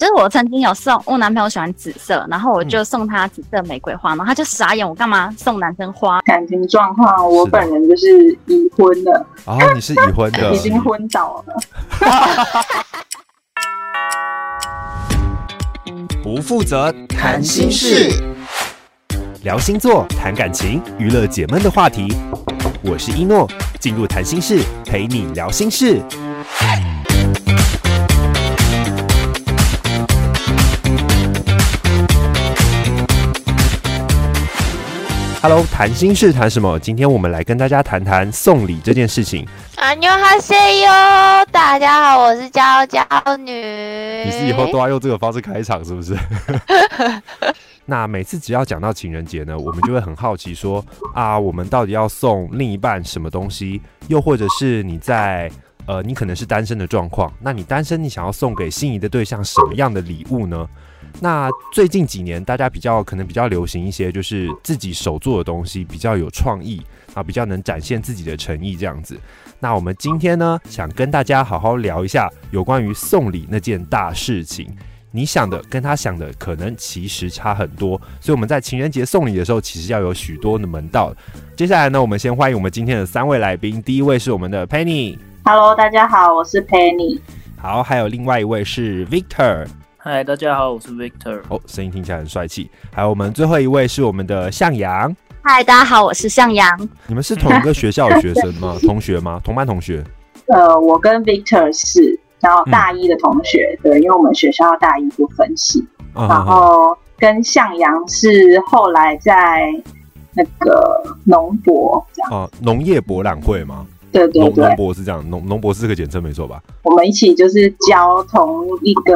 就是我曾經有送我男朋友喜歡紫色，然後我就送他紫色玫瑰花，然後他就傻眼，我幹嘛送男生花。感情狀況，我本人就是已婚的。啊的、哦，你是已婚的， 已經昏倒了。 不負責談心事，聊星座、談感情、娛樂解悶的話題，我是一諾，進入談心室陪你聊心事。Hello，談心室談什麼？今天我們來跟大家談談送禮這件事情。阿牛哈 c 喲，大家好，我是嬌嬌女。你是以後都要用這個方式開場是不是？ 那每次只要講到情人節呢，我們就會很好奇說啊，我們到底要送另一半什麼東西？又或者是你在呃，你可能是單身的狀況，那你單身你想要送給心儀的對象什麼樣的禮物呢？那最近幾年，大家比較可能比較流行一些，就是自己手做的東西比較有創意啊，比較能展現自己的誠意這樣子。那我們今天呢，想跟大家好好聊一下有關於送禮那件大事情。你想的跟他想的，可能其實差很多，所以我們在情人節送禮的時候，其實要有許多的門道。接下來呢，我們先歡迎我們今天的三位來賓。第一位是我們的 Penny，Hello，大家好，我是 Penny。好，還有另外一位是 Victor。嗨，Hi，大家好，我是 Victor。哦，聲音聽起來很帥氣。還有我們最後一位是我們的向陽。嗨，大家好，我是向陽。你們是同一個學校的學生嗎？ 同學嗎？同班同學？呃，我跟 Victor 是，然後大一的同學，嗯、對，因為我們學校的大一不分系。嗯、然後跟向陽是後來在那個農博這樣，哦、呃，農業博覽會嗎？對對對，農博是這樣，農農博是個簡稱，沒錯吧？我們一起就是教同一個。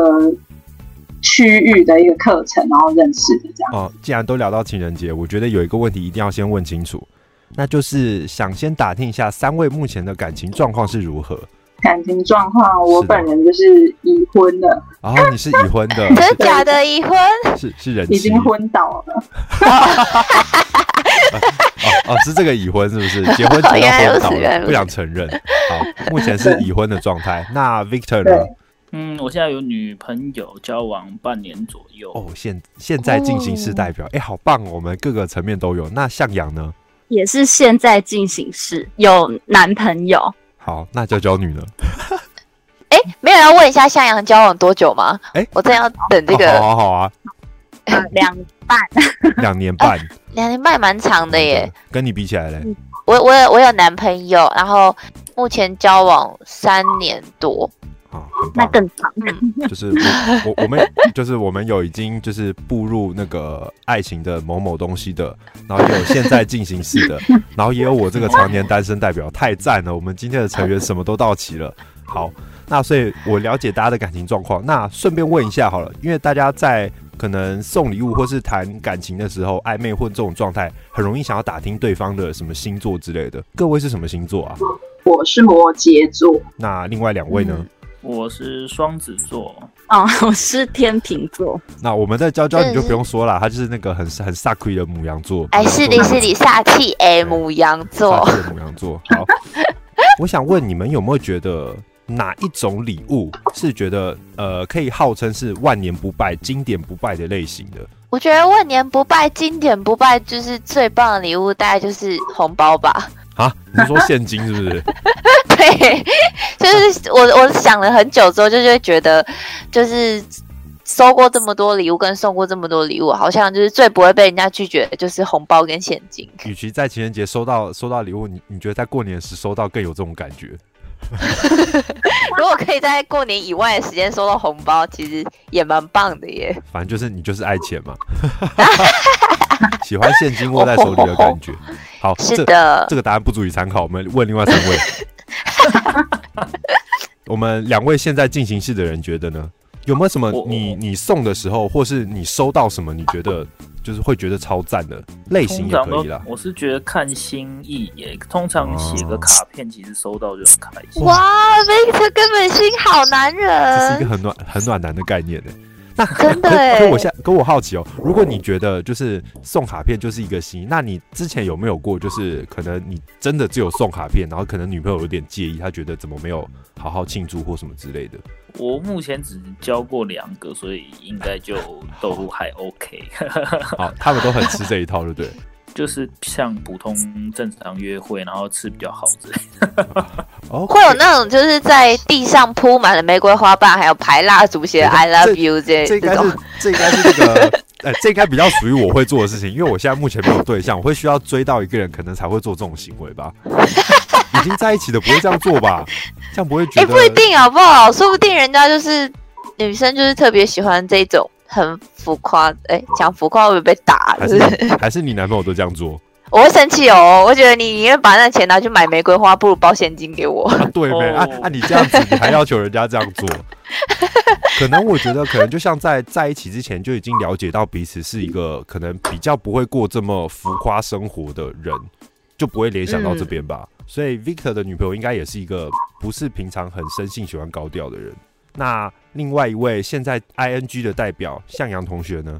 區域的一個課程，然後認識的這樣子。哦，既然都聊到情人節，我覺得有一個問題一定要先問清楚，那就是想先打聽一下三位目前的感情狀況是如何？感情狀況，我本人就是已婚是的。然、哦、後你是已婚的？真的、啊、是假的？已婚？是是，是人已經昏倒了。哦，是這個已婚是不是？結婚前都昏倒了，不想承認。好，目前是已婚的狀態。對那 Victor 呢？嗯，我現在有女朋友，交往半年左右。哦，現現在進行式代表，哎、哦欸，好棒，我們各個層面都有。那向陽呢？也是現在進行式，有男朋友。好，那嬌嬌女呢？哎、啊 欸，沒有要問一下向陽交往多久嗎？哎、欸，我正要等這個。好、哦，好啊。兩、啊啊、半，兩 年半，兩、啊、年半蠻長的耶、那個。跟你比起來嘞、嗯，我我有我有男朋友，然後目前交往三年多。啊，哦，那更長。就是我，我我們就是我們有已經就是步入那個愛情的某某東西的，然後也有現在進行式的，然後也有我這個常年單身代表，太讚了！我們今天的成員什麼都到齊了。好，那所以我了解大家的感情狀況。那順便問一下好了，因為大家在可能送禮物或是談感情的時候，曖昧或者這種狀態，很容易想要打聽對方的什麼星座之類的。各位是什麼星座啊？我是摩羯座。那另外兩位呢？嗯我是雙子座，哦，我是天秤座。那我們在嬌嬌你就不用說了，它就是那個很很牡、哎、煞氣的牡羊座，哎，是的，是的，煞氣的牡羊座，煞氣牡羊座。好， 我想問你們有沒有覺得哪一種禮物是覺得呃可以號稱是萬年不敗、經典不敗的類型的？我覺得萬年不敗、經典不敗就是最棒的禮物，大概就是紅包吧。啊，你說現金是不是？ 對，就是我，我想了很久之後，就就會覺得，就是收過這麼多禮物跟送過這麼多禮物，好像就是最不會被人家拒絕的就是紅包跟現金。與其在情人節收到收到禮物，你你覺得在過年時收到更有這種感覺？ 如果可以在過年以外的時間收到紅包，其實也蠻棒的耶。反正就是你就是愛錢嘛， 喜歡現金握在手裡的感覺。好，是的。這，這個答案不足以參考，我們問另外三位。 我們兩位現在進行式的人覺得呢？有沒有什麼你你送的時候，或是你收到什麼，你覺得？就是會覺得超讚的類型也可以啦。我是覺得看心意耶，通常寫個卡片，其實收到就很開心。哦、哇，非常根本心好男人，這是一個很暖、很暖男的概念呢。 可，可我現可我好奇哦，如果你覺得就是送卡片就是一個心意，那你之前有沒有過就是可能你真的只有送卡片，然後可能女朋友有點介意，她覺得怎麼沒有好好慶祝或什麼之類的？我目前只交過兩個，所以應該就都還 OK。 好，他們都很吃這一套，對不對？就是像普通正常約會，然後吃比較好之類。哦 Okay，會有那種就是在地上鋪滿了玫瑰花瓣，還有排蠟燭寫 I love you、欸、這這一種。這一應該是 這一應該是、這個，哎、欸，這應該比較屬於我會做的事情，因為我現在目前沒有對象，我會需要追到一個人，可能才會做這種行為吧。 已經在一起的不會這樣做吧？這樣不會覺得？哎、欸，不一定好不好？說不定人家就是女生，就是特別喜歡這種。很浮誇，哎、欸，講浮誇會不會被打？是還是還是你男朋友都這樣做？ 我會生氣哦，我覺得你寧願把那錢拿去買玫瑰花，不如包現金給我。啊、對唄、oh. 啊，啊按你這樣子，你還要求人家這樣做？ 可能我覺得，可能就像在在一起之前就已經了解到彼此是一個可能比較不會過這麼浮誇生活的人，就不會聯想到這邊吧。嗯、所以，Victor 的女朋友應該也是一個不是平常很生性喜歡高調的人。那。另外一位現在 I N G 的代表向陽同學呢？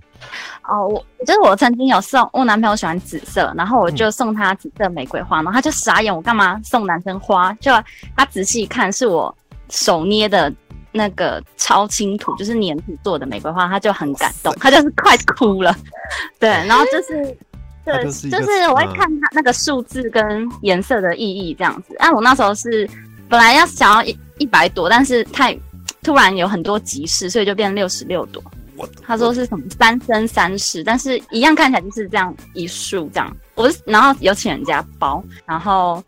哦，我就是我曾經有送我男朋友喜歡紫色，然後我就送他紫色玫瑰花，嗯、然後他就傻眼，我幹嘛送男生花？就、啊、他仔細看是我手捏的，那個超輕土就是粘土做的玫瑰花，他就很感動，是他就是快哭了。 對，然後就是 對，就是我會看他那個數字跟顏色的意義這樣子。哎、啊，我那時候是本來要想要一一百朵，但是太。突然有很多集市，所以就變六十六朵。What? What? 他說是什麼三生三世，但是一樣看起來就是這樣一束這樣。我然後有請人家包，然後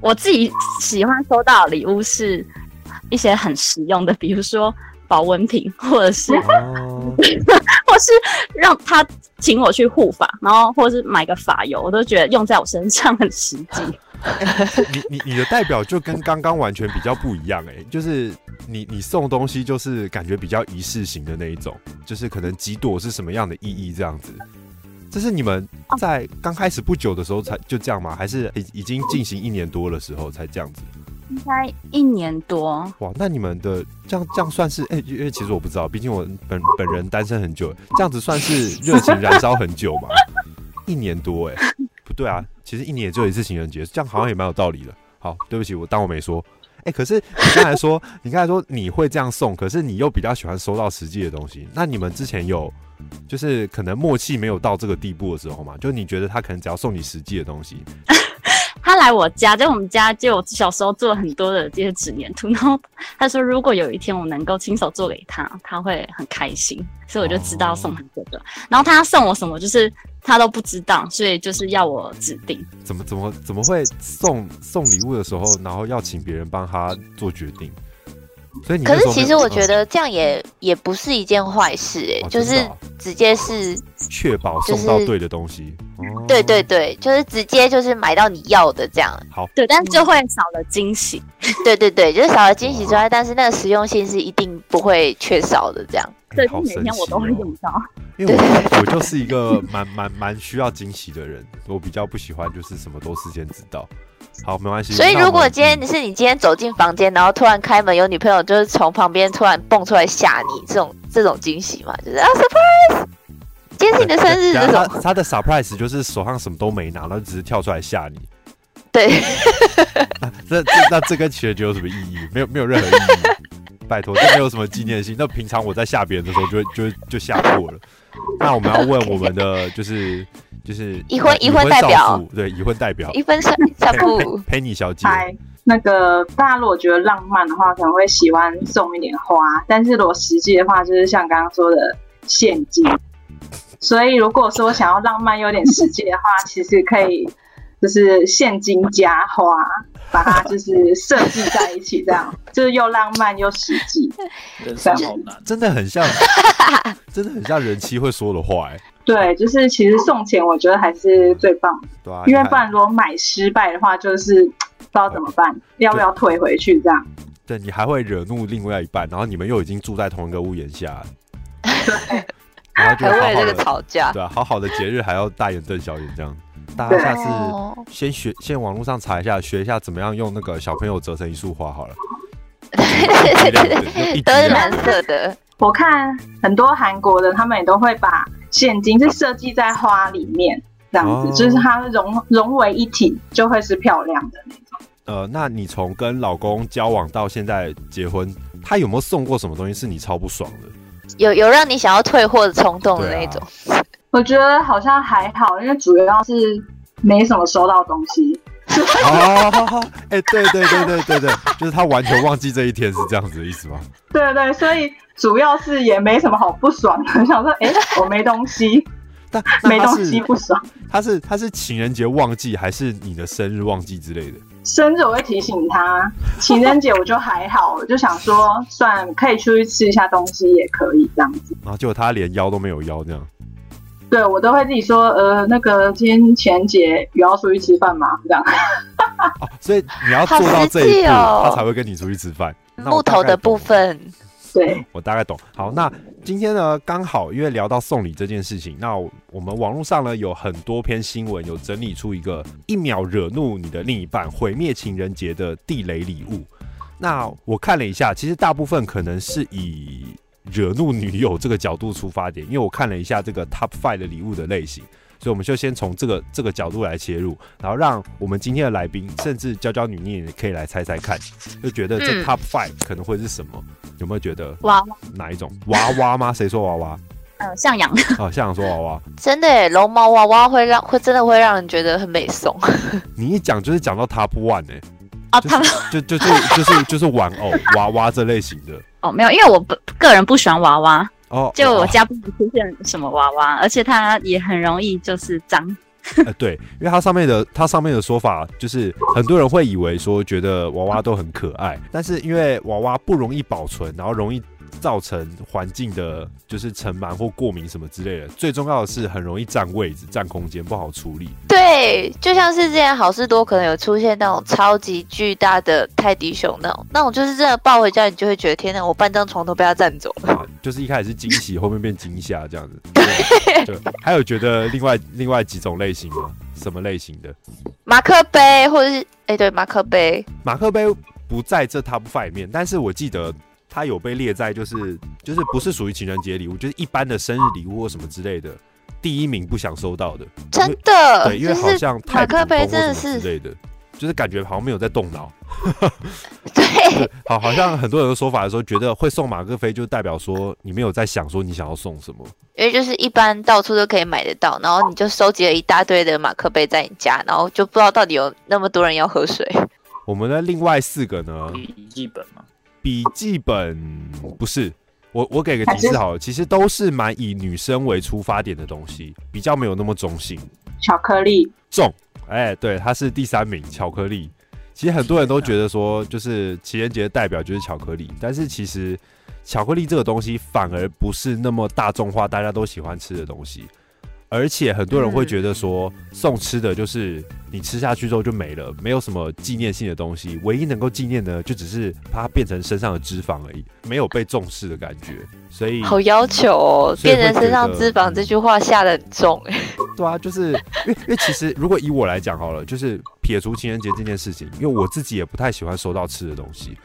我自己喜歡收到的禮物是一些很實用的，比如說。保溫瓶，或者是，啊、或是讓他請我去護髮，然後或者是買個髮油，我都覺得用在我身上很實際。你你你的代表就跟剛剛完全比較不一樣哎、欸，就是你你送東西就是感覺比較儀式型的那一種，就是可能幾朵是什麼樣的意義這樣子。這是你們在剛開始不久的時候才就這樣嗎？還是已已經進行一年多的時候才這樣子？應該一年多哇，那你們的這樣這樣算是哎、欸，因為其實我不知道，畢竟我本本人單身很久，這樣子算是熱情燃燒很久嗎？ 一年多哎、欸，不對啊，其實一年也就一次情人節，這樣好像也蠻有道理的。好，對不起，我當我沒說。哎、欸，可是你剛才說， 你剛才說你會這樣送，可是你又比較喜歡收到實際的東西，那你們之前有就是可能默契沒有到這個地步的時候嘛，就你覺得他可能只要送你實際的東西。 來我家，在我們家就我小時候做了很多的這些紙黏土，然後他說如果有一天我能夠親手做給他，他會很開心，所以我就知道送他這個。哦、然後他要送我什麼，就是他都不知道，所以就是要我指定。怎麼怎麼怎麼會送送禮物的時候，然後要請別人幫他做決定？可是其實我覺得這樣也、哦、也不是一件壞事哎、欸，哦、就是直接是、就是、確保送到對的東西，哦、對對對，就是直接就是買到你要的這樣。好，對，但是就會少了驚喜，嗯、對對對，就是少了驚喜之外，哇但是那個實用性是一定不會缺少的這樣。對、欸，每天我都會用到，因為我， 我就是一個蠻蠻蠻需要驚喜的人，我比較不喜歡就是什麼都事先知道。好，沒關係。所以如果今天是你今天走進房間，然後突然開門，有女朋友就是從旁邊突然蹦出來嚇你，這種這種驚喜嘛，就是啊，surprise，今天是你的生日這種他，他的 surprise 就是手上什麼都沒拿，然後只是跳出來嚇你。對。這那這跟情人節有什麼意義？沒有沒有任何意義，拜托這沒有什麼紀念性。那平常我在嚇別人的時候就會，就就就嚇過了。那我們要問我們的就是。Okay. 就是已婚，已婚，婚代表。對，已婚代表。一分小布 Penny 小姐。嗨，那個大家如果覺得浪漫的話，可能會喜歡送一點花，但是如果實際的話，就是像剛剛說的現金。所以如果說想要浪漫又有點實際的話， 其實可以就是現金加花，把它就是設計在一起，這樣 就是又浪漫又實際。人生好難，以真的很像， 真的很像人妻會說的話哎、欸。對，就是其實送錢，我覺得還是最棒的，對啊，因為不然如果買失敗的話，就是不知道怎麼辦，對要不要退回去這樣對。對，你還會惹怒另外一半，然後你們又已經住在同一個屋檐下了，對然後就害這個吵架。對啊，好好的節日還要大眼瞪小眼這樣。大家下次先學，先網絡上查一下，學一下怎麼樣用那個小朋友折成一束花好了。了都是藍色的，對我看很多韓國的他們也都會把。現金是設計在花裡面，這樣子，oh. 就是它融融為一體，就會是漂亮的那種。呃，那你從跟老公交往到現在結婚，他有沒有送過什麼東西是你超不爽的？有有讓你想要退貨的衝動的那種。啊、我覺得好像還好，因為主要是沒什麼收到東西。哦，哎，對對對對對對，對對對對 就是他完全忘記這一天是這樣子的意思嗎？ 對對，所以。主要是也沒什麼好不爽的。想說哎、欸，我沒東西，但沒東西不爽。他是他是情人節忘記還是你的生日忘記之類的？生日我會提醒他，情人節我就還好，我 就想說算可以出去吃一下東西也可以這樣子。然後就他連邀都沒有邀這樣。對我都會自己說呃，那個今天情人節有要出去吃飯嗎？這樣 、哦。所以你要做到這一步、哦、他才會跟你出去吃飯。木頭的部分。對我大概懂。好，那今天呢，剛好因為聊到送禮這件事情，那我們網絡上呢有很多篇新聞，有整理出一個一秒惹怒你的另一半，毀滅情人節的地雷禮物。那我看了一下，其實大部分可能是以惹怒女友這個角度出發點，因為我看了一下這個 top five 的禮物的類型。所以我們就先從這個這個角度來切入，然後讓我們今天的來賓，甚至嬌嬌女你也可以來猜猜看，就覺得這 top five 可能會是什麼？嗯、有沒有覺得娃娃？哪一種娃娃嗎？誰說娃娃？嗯、呃，向陽。哦、呃，向陽說娃娃。真的，龍貓娃娃會讓會真的會讓人覺得很美頌。你一講就是講到 top one 呢？啊，就 就就就，就，就是就是玩偶 娃娃這類型的。哦，沒有，因為我不個人不喜歡娃娃。哦，oh, 就我家不出現什麼娃娃，oh. 而且它也很容易就是髒。呃、對，因為它上面的它上面的說法就是很多人會以為說覺得娃娃都很可愛，oh. 但是因為娃娃不容易保存，然後容易，造成環境的，就是塵蟎或過敏什麼之類的。最重要的是，很容易佔位置、佔空間，不好處理。對，就像是之前好事多可能有出現那種超級巨大的泰迪熊那種，那種就是真的抱回家，你就會覺得天吶，我半張床都被它佔走了，啊。就是一開始是驚喜，後面變驚嚇這樣子。對， 還有覺得另外另外幾種類型嗎？什麼類型的？馬克杯，或者是哎，欸、對，馬克杯。馬克杯不在這 Top Five 裡面，但是我記得。他有被列在，就是就是不是屬於情人節禮物，就是一般的生日禮物或什麼之類的，第一名不想收到的，真的，對，就是，因為好像的馬克杯真的是對的，就是感覺好像沒有在動腦。 對，好，好像很多人的說法的時候，覺得會送馬克杯就代表說你沒有在想說你想要送什麼，因為就是一般到處都可以買得到，然後你就收集了一大堆的馬克杯在你家，然後就不知道到底有那麼多人要喝水。我們的另外四個呢？筆記本嘛。筆記本不是我，我給個提示好了，是其實都是蠻以女生為出發點的東西，比較沒有那麼中性。巧克力重，哎，對，它是第三名。巧克力，其實很多人都覺得說，就是情人節的代表就是巧克力，但是其實巧克力這個東西反而不是那麼大眾化，大家都喜歡吃的東西。而且很多人會覺得說，送吃的就是你吃下去之後就沒了，沒有什麼紀念性的東西，唯一能夠紀念的就只是怕它變成身上的脂肪而已，沒有被重視的感覺。所以好要求哦，變成身上脂肪這句話下的很重哎。對啊，就是因為因為其實如果以我來講好了，就是撇除情人節這件事情，因為我自己也不太喜歡收到吃的東西，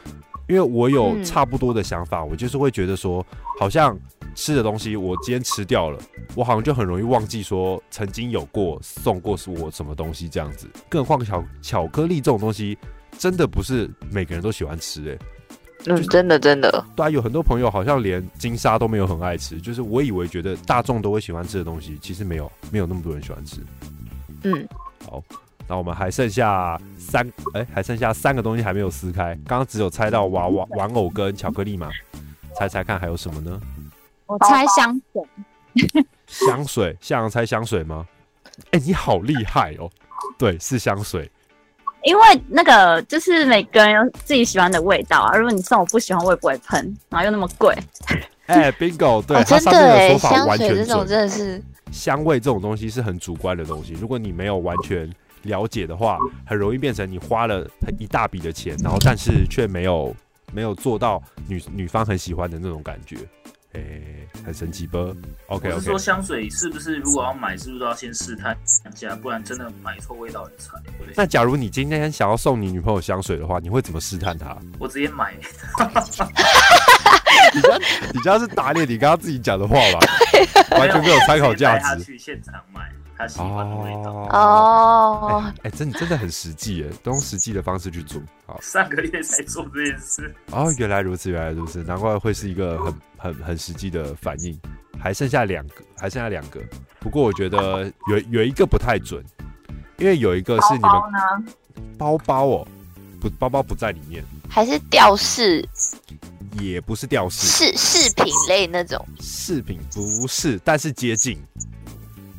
因為我有差不多的想法，嗯、我就是會覺得說好像。吃的東西，我今天吃掉了，我好像就很容易忘記說曾經有過送過我什麼東西這樣子。更何況巧巧克力這種東西，真的不是每個人都喜歡吃的、欸、嗯，就是、真的真的。對，有很多朋友好像連金沙都沒有很愛吃，就是我以為覺得大眾都會喜歡吃的東西，其實沒有沒有那麼多人喜歡吃。嗯，好，那我們還剩下三，哎、欸，還剩下三個東西還沒有撕開，剛剛只有猜到娃娃、玩偶跟巧克力嘛，猜猜看還有什麼呢？我猜香水，薄薄 香水，向陽猜香水嗎？哎、欸，你好厲害哦！對，是香水，因為那個就是每個人有自己喜歡的味道啊。如果你送我不喜歡，我也不會噴，然後又那麼貴。哎、欸、，Bingo，對，哦、真的耶，他上面的說法完全準，香水這種真的是，香味這種東西是很主觀的東西。如果你沒有完全了解的話，很容易變成你花了一大筆的錢，然後但是卻沒有沒有做到女女方很喜歡的那種感覺。哎、欸，很神奇不、嗯、？OK，我是說香水是不是如果要買，是不是都要先試探一下，不然真的買錯味道很慘。那假如你今天想要送你女朋友香水的話，你會怎麼試探她？我直接買。 你家你家是打臉？你剛剛自己講的話吧，完全沒有參考價值。我去現場買，他喜歡的味道。哦哎、哦欸欸，真的真的很實際誒，都用實際的方式去做。好，上個月才做這件事。哦，原來如此，原來如此，難怪會是一個很。很很實際的反應，還剩下兩個，還剩下兩個。不過我覺得有有一個不太準，因為有一個是你們包包，包包哦，不包包不在裡面，還是吊飾，也不是吊飾，是飾品類那種飾品，不是，但是接近。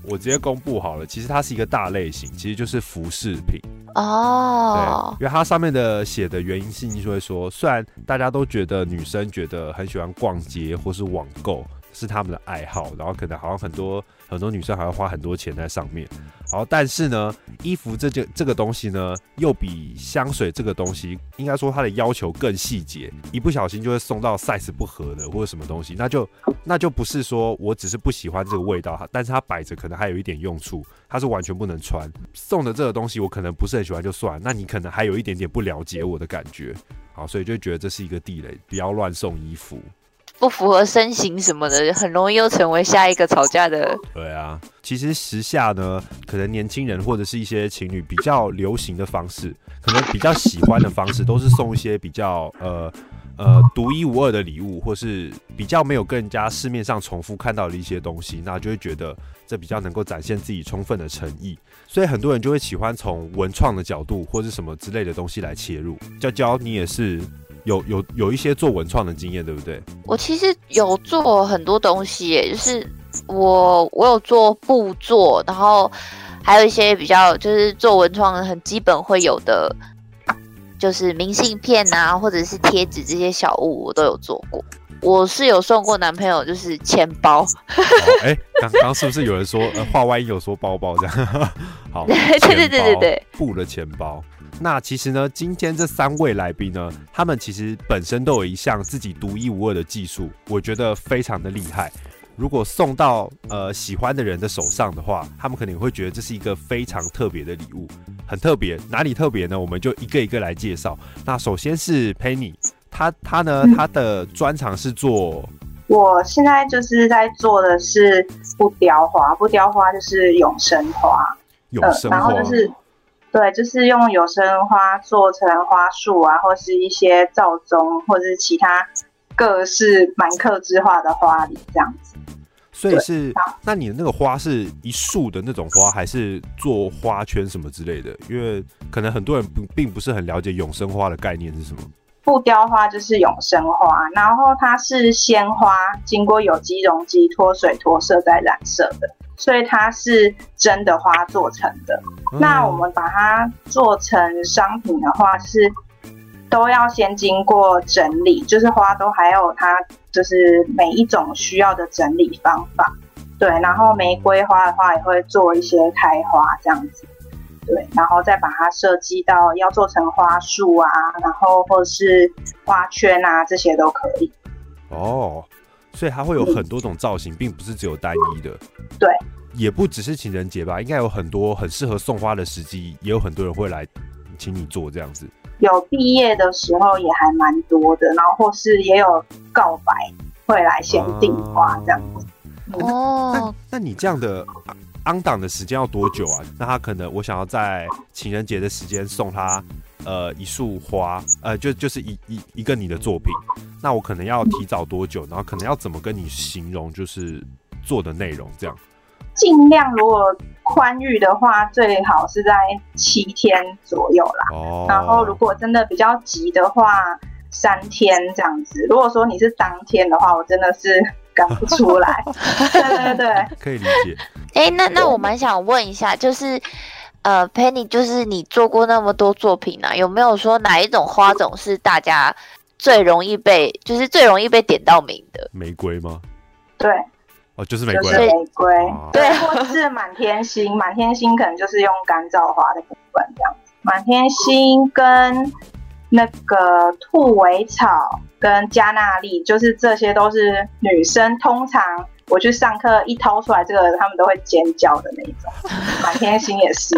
我直接公布好了，其實它是一個大類型，其實就是服飾品哦。Oh. 對，因為它上面的寫的原因信息就會說，雖然大家都覺得女生覺得很喜歡逛街或是網購是他們的愛好，然後可能好像很多。很多女生還要花很多錢在上面，好，但是呢，衣服這件、個、這個東西呢，又比香水這個東西，應該說它的要求更細節，一不小心就會送到 size 不合的或者什麼東西，那就那就不是說我只是不喜歡這個味道，它，但是它擺着可能還有一點用處，它是完全不能穿，送的這個東西我可能不是很喜歡就算，那你可能還有一點點不了解我的感覺，好，所以就覺得這是一個地雷，不要亂送衣服。不符合身形什麼的，很容易又成為下一個吵架的。對啊，其實時下呢，可能年輕人或者是一些情侶比較流行的方式，可能比較喜歡的方式，都是送一些比較呃呃獨一無二的禮物，或是比較沒有跟人家市面上重複看到的一些東西，那就會覺得這比較能夠展現自己充分的誠意，所以很多人就會喜歡從文創的角度或者什麼之類的東西來切入。嬌嬌，你也是。有有有一些做文創的經驗，對不對？我其實有做很多東西，就是我我有做布做，然後還有一些比較就是做文創很基本會有的，就是明信片啊，或者是貼紙這些小物，我都有做過。我是有送過男朋友，就是錢包。哎、哦，剛、欸、剛是不是有人說、 呃、話外音有說包包這樣？ 好，對，對對對對對，布的錢包。那其實呢，今天這三位來賓呢，他們其實本身都有一項自己獨一無二的技術，我覺得非常的厲害。如果送到呃喜歡的人的手上的話，他們可能會覺得這是一個非常特別的禮物，很特別。哪裡特別呢？我們就一個一個來介紹。那首先是 Penny，他他呢，他的專長是做、嗯，我現在就是在做的是不凋花，不凋花就是永生花，永生花。就是。對，就是用永生花做成花束啊，或是一些罩鐘，或者是其他各式蠻客製化的花禮這樣子。所以是，對那你的那個花是一束的那種花，還是做花圈什麼之類的？因為可能很多人不並不是很了解永生花的概念是什麼。不凋花就是永生花，然後它是鮮花經過有機溶劑脫水脫色再染色的。所以它是真的花做成的。嗯。那我們把它做成商品的話，是都要先經過整理，就是花都還有它，就是每一種需要的整理方法。對，然後玫瑰花的話也會做一些開花這樣子。對，然後再把它設計到要做成花束啊，然後或者是花圈啊，這些都可以。哦。所以它會有很多種造型，並不是只有單一的。對，也不只是情人節吧，應該有很多很適合送花的時機，也有很多人會來請你做這樣子。有畢業的時候也還蠻多的，然後或是也有告白會來先訂花這樣子。哦，那你這樣的昂檔的時間要多久啊？那他可能我想要在情人節的時間送他。呃，一束花，呃，就就是一一一個你的作品，那我可能要提早多久？然後可能要怎麼跟你形容，就是做的內容這樣？盡量如果寬裕的話，最好是在七天左右啦。哦。然後如果真的比較急的話，三天這樣子。如果說你是當天的話，我真的是趕不出來。 對對對，可以理解。欸，那那我們想問一下，就是。呃，Penny，就是你做過那麼多作品啊，有沒有說哪一種花種是大家最容易被，就是最容易被點到名的？玫瑰嗎？對，哦，就是玫瑰。玫瑰，對，對，或者是滿天星。啊、滿天星可能就是用乾燥花的部分這樣子。滿天星跟那個兔尾草跟加納利，就是這些都是女生通常。我去上課一掏出來這個，他們都會尖叫的那一種，滿天星也是，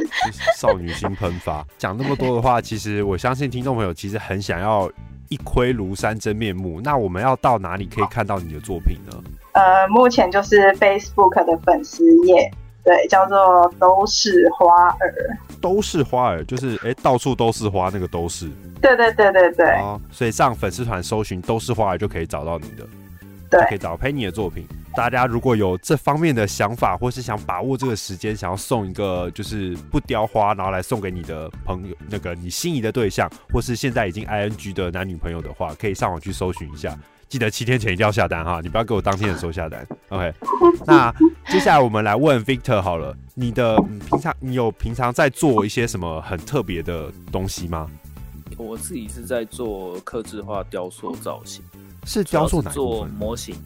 少女心噴發。講 那麼多的話，其實我相信聽眾朋友其實很想要一窺廬山真面目。那我們要到哪裡可以看到你的作品呢？呃，目前就是 Facebook 的粉絲頁，對，叫做都是花兒。都是花兒，就是哎、欸，到處都是花，那個都是。對,對對對對對。哦、啊，所以上粉絲團搜尋都是花兒就可以找到你的，對，就可以找佩妮的作品。大家如果有這方面的想法，或是想把握這個時間，想要送一個就是不凋花，然後來送給你的朋友，那個你心儀的對象，或是現在已經 I N G 的男女朋友的話，可以上網去搜尋一下。記得七天前一定要下單哈，你不要給我當天的時候下單。OK，那接下來我們來問 Victor 好了，你的平常你有平常在做一些什麼很特別的東西嗎？我自己是在做客製化雕塑造型，嗯、是雕塑奶奶是做模型。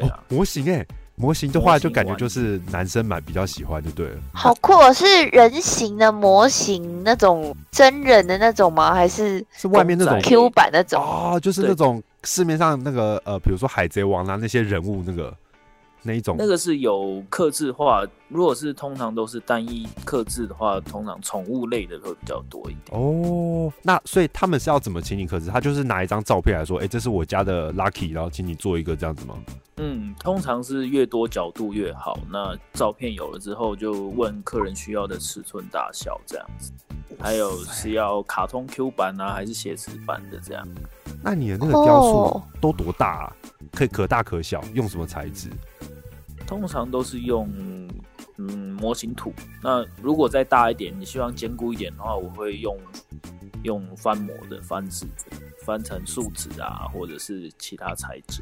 哦、模型，哎、欸，模型的話就感覺就是男生蠻比較喜歡，就對了。好酷、哦，是人形的模型，那種真人的那種嗎？還是是外面那種 Q 版那種啊、哦？就是那種市面上那個呃，比如說海賊王啊，那些人物那個。那一種，那個是有客製化。如果是通常都是單一客製的話，通常寵物類的會比較多一點。哦，那所以他們是要怎麼請你客製？他就是拿一張照片來說，哎、欸，這是我家的 Lucky，然後請你做一個這樣子嗎？嗯，通常是越多角度越好。那照片有了之後，就問客人需要的尺寸大小這樣子，塞還有是要卡通 Q 版啊，還是寫實版的這樣？那你的那個雕塑都多大，啊？Oh. 可以可大可小，用什麼材質？通常都是用嗯模型土。那如果再大一點，你希望堅固一點的話，我會用用翻模的翻紙，翻成樹脂啊，或者是其他材質。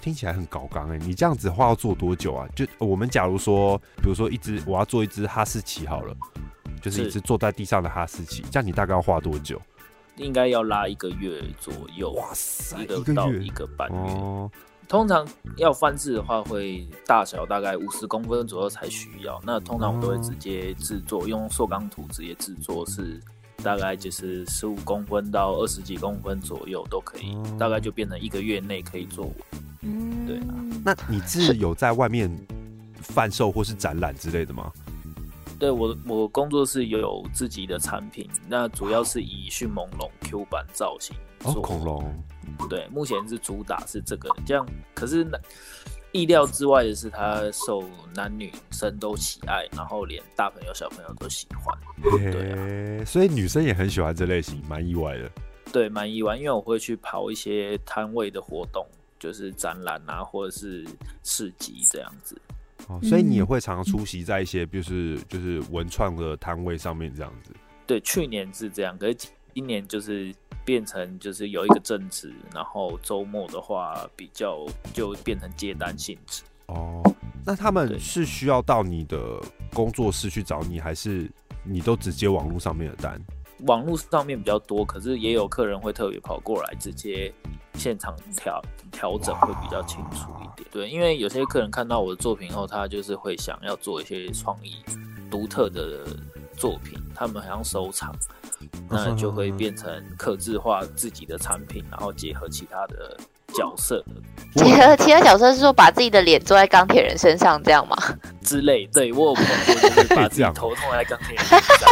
聽起來很搞剛哎！你這樣子畫要做多久啊？就我們假如說，比如說一只我要做一只哈士奇好了，就是一只坐在地上的哈士奇，這樣你大概要畫多久？應該要拉一個月左右，哇塞，一個到一個半月。哦通常要翻製的話，會大小大概五十公分左右才需要。那通常我都會直接製作，嗯、用塑鋼土直接製作是大概就是十五公分到二十幾公分左右都可以，嗯、大概就變成一個月內可以做完。嗯，對、啊、那你自己是有在外面販售或是展覽之類的嗎？ 對我，我工作室有自己的產品，那主要是以迅猛龍 Q 版造型。做恐龍龍，對，目前是主打是這個這樣。可是意料之外的是，它受男女生都喜愛，然後連大朋友小朋友都喜歡。嘿嘿對、啊、所以女生也很喜歡這類型，蠻意外的。對，蠻意外，因為我會去跑一些攤位的活動，就是展覽啊，或者是市集這樣子。哦、所以你也會常常出席在一些，就是、嗯、就是文創的攤位上面這樣子。對，去年是這樣，可是今年就是。變成就是有一個正職，然後周末的話比較就變成接單性質。哦，oh, 那他們是需要到你的工作室去找你，還是你都只接網絡上面的單？網絡上面比較多，可是也有客人會特別跑過來，直接現場調調整會比較清楚一點。Wow. 對，因為有些客人看到我的作品後，他就是會想要做一些創意獨特的。作品，他們好像收藏，那就會變成客製化，自己的產品，然後結合其他的角色，結合我 其，其他角色是說把自己的臉坐在鋼鐵人身上這樣嗎？之類，對我有，我就是把自己頭放在鋼鐵人身上。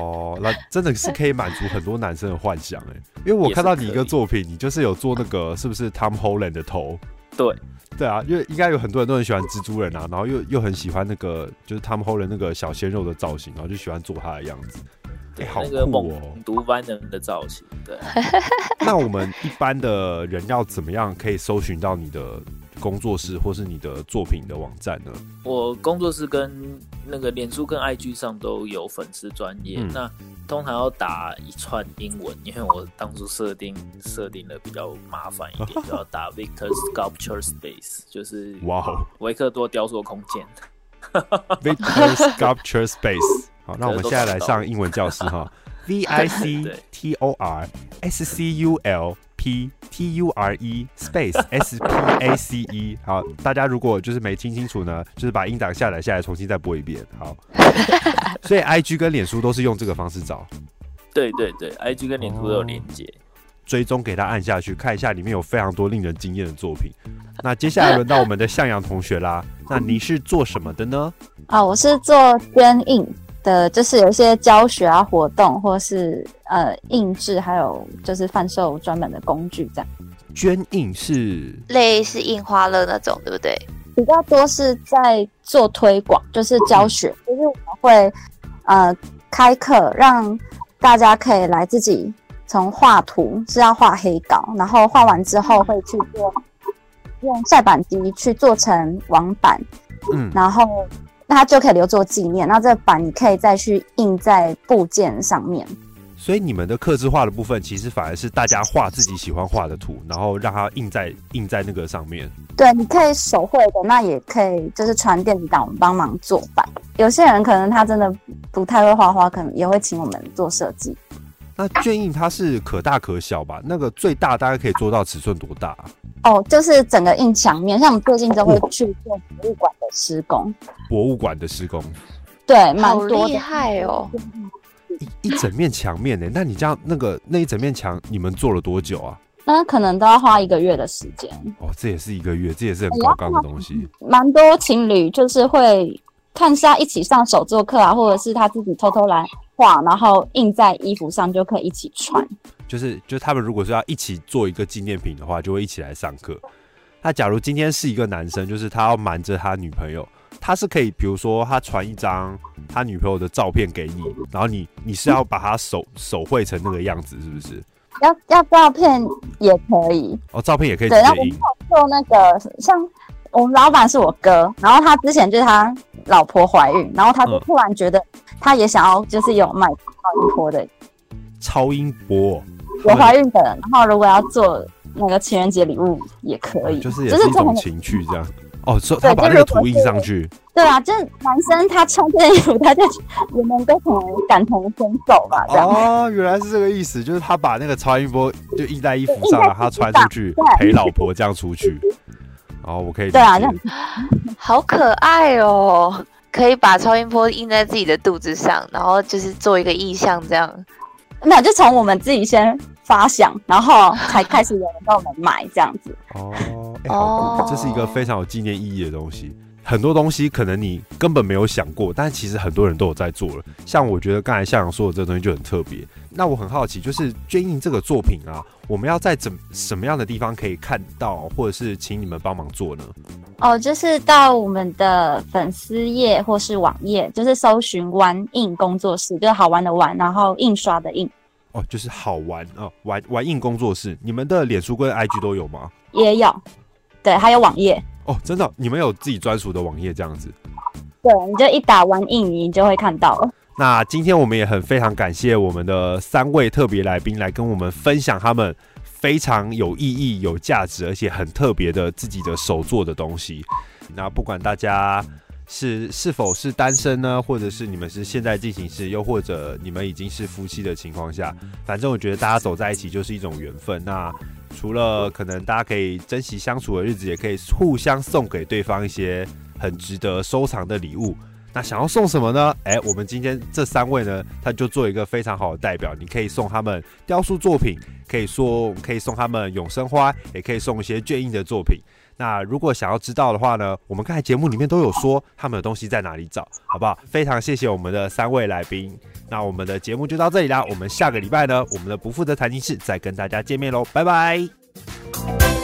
哦，那真的是可以滿足很多男生的幻想哎、欸，因為我看到你一個作品，你就是有做那個、啊、是不是 Tom Holland 的頭？對，對啊，因為應該有很多人都很喜歡蜘蛛人啊，然後又又很喜歡那個就是他們湯姆霍蘭那個小鮮肉的造型，然後就喜歡做他的樣子，那個猛毒般的造型。對， 那我們一般的人要怎麼樣可以搜尋到你的？工作室或是你的作品的網站呢？我工作室跟那個臉書跟 IG 上都有粉絲專業，那通常要打一串英文，因為我當初設定設定的比較麻煩一點，就要打 Victor Sculpture Space，就是哇維克多雕塑空間，Victor Sculpture Space。好，那我們現在來上英文教室哈，V I C T O R S C U L P。T U R E space S P A C E，好，大家如果就是沒聽清,清楚呢，就是把音檔下載下來，重新再播一遍。好，所以 I G 跟臉書都是用這個方式找。對對對，I G 跟臉書都有連接，哦、追蹤給他按下去，看一下裡面有非常多令人驚豔的作品。那接下來輪到我們的向陽同學啦，那你是做什麼的呢？啊、哦，我是做絹印。呃，就是有一些教學啊、活動，或是呃印製，還有就是販售專門的工具這樣。絹印是類似印花樂那種，對不對？比較多是在做推廣，就是教學，嗯，就是我們會呃開課，讓大家可以來自己從畫圖是要畫黑稿，然後畫完之後會去做用曬版機去做成網版，嗯，然後。那它就可以留作紀念。那這版你可以再去印在部件上面。所以你們的客製化的部分，其實反而是大家畫自己喜歡畫的圖，然後讓它印在印在那個上面。對，你可以手繪的，那也可以就是傳電子檔我們幫忙做版。有些人可能他真的不太會畫畫，可能也會請我們做設計。那絹印它是可大可小吧？那個最大大概可以做到尺寸多大啊？哦，就是整個印牆面，像我們最近都會去做博物館的施工。哦、博物館的施工，對，蠻厲害哦，一。一整面牆面呢？那你這樣那個那一整面牆，你們做了多久啊？那可能都要花一個月的時間。哦，這也是一個月，這也是很高槓的東西。欸、蠻多情侶就是會。看是要一起上手作課啊，或者是他自己偷偷來畫，然後印在衣服上就可以一起穿。就是，就他們如果說要一起做一個紀念品的話，就會一起來上課。那假如今天是一個男生，就是他要瞞着他女朋友，他是可以，比如說他傳一張他女朋友的照片給你，然後你你是要把他手手繪成那個樣子，是不是？要要照片也可以哦，照片也可以直接。對，然後，我們做那個，像我們老闆是我哥，然後他之前就是他。老婆懷孕，然後他突然覺得他也想要，就是有買超音波的。超音波，我懷孕的，然後如果要做那個情人節禮物也可以，嗯啊，就是也是一種情趣這樣。哦，所以他把那個圖印上去。對，對啊，就是男生他穿這件衣服，他就我們都能很感同身受吧。這樣哦，原來是這個意思，就是他把那個超音波就印在衣服上了，他穿出去陪老婆這樣出去。哦，我可以對啊，那理解，好可愛哦！可以把超音波印在自己的肚子上，然後就是做一個意象這樣。那就從我們自己先發想，然後才開始有人幫我們買這樣子。哦、oh, 欸，oh. 這是一個非常有紀念意義的東西。很多東西可能你根本沒有想過，但其實很多人都有在做了。像我覺得剛才向陽說的這個東西就很特別。那我很好奇，就是《絹印》這個作品啊，我們要在怎什麼樣的地方可以看到，或者是請你們幫忙做呢？哦，就是到我們的粉絲頁或是網頁，就是搜尋“玩印工作室”，就是、好玩的“玩”，然後印刷的“印”。哦，就是好玩哦，玩玩印工作室。你們的臉書跟 IG 都有嗎？也有。對，還有網頁。哦，真的，哦，你們有自己專屬的網頁這樣子？對，你就一打完印語，你就會看到。那今天我們也很非常感謝我們的三位特別來賓來跟我們分享他們非常有意義、有價值，而且很特別的自己的手做的東西。那不管大家是是否是單身呢，或者是你們是現在進行式，又或者你們已經是夫妻的情況下，反正我覺得大家走在一起就是一種緣分。那。除了可能大家可以珍惜相處的日子，也可以互相送給對方一些很值得收藏的禮物。那想要送什麼呢？哎、欸，我們今天這三位呢，他就做一個非常好的代表。你可以送他們雕塑作品，可以說可以送他們永生花，也可以送一些絹印的作品。那如果想要知道的話呢，我們剛才節目裡面都有說他們的東西在哪裡找，好不好？非常謝謝我們的三位來賓。那我們的節目就到這裡啦，我們下個禮拜呢，我們的不負責談心室再跟大家見面嘍，拜拜。